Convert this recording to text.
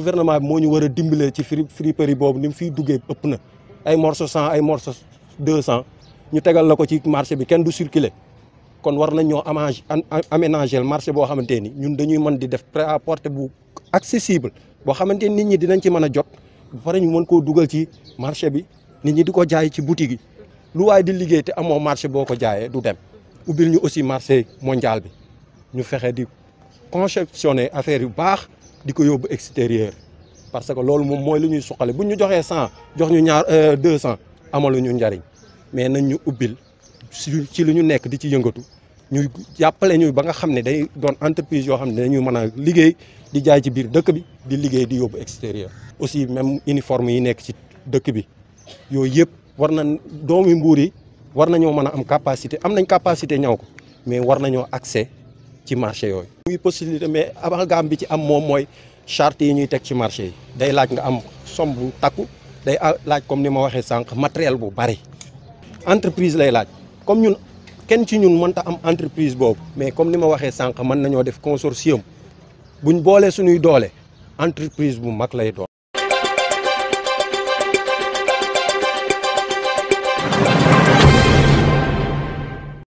gouvernement bi moo ñu war a dimbalee ci friperie boobu ni mu fiy duggee ëpp na ay morceau cent ay morso deux cent ñu tegal la ko ci marché bi kenn du circuler kon war nañ ñoo amag aménager marché boo xamante ni ñun dañuy mën di def prêt-à-porter bu accessible boo xamante nit ñi dinañ ci mën a jot ba pare ñu mën koo dugal ci marché bi nit ñi di ko jaay ci boutique yi lu waaye di liggéey te amoo marché boo ko jaayee du dem ubbil ñu aussi marché mondial bi ñu fexe di conceptionner affaire yu baax di ko eksterior, extérieur parce que loolu mom moy lu ñuy soxale bu ñu joxé 100 jox ñu ñaar 200 euh, amalu ñu ndariñ mais nañ ñu ubil ci lu ñu nekk di ci yëngatu ñu jappalé ñu ba nga xamné day doon entreprise yo xamné dañuy mëna liggéey di jaay ci biir dëkk bi di liggéey di yóbbu extérieur aussi même uniforme yi nekk ci dëkk bi yoy yëpp war na doomi mbuur yi war nañu mëna am capacité am nañ capacité ñaw ko mais war nañu accès ci marché yooyu. muy possibilité mais amalgame bi ci am moom mooy charte yi ñuy teg ci marché yi day laaj nga am somme bu takku day laaj comme ni ma waxee sànq matériel bu bari entreprise lay laaj comme ñun kenn ci ñun mënta am entreprise boobu mais comme ni ma waxee sànq mën nañoo def consortium buñ boolee suñuy doole entreprise bu mag lay doon.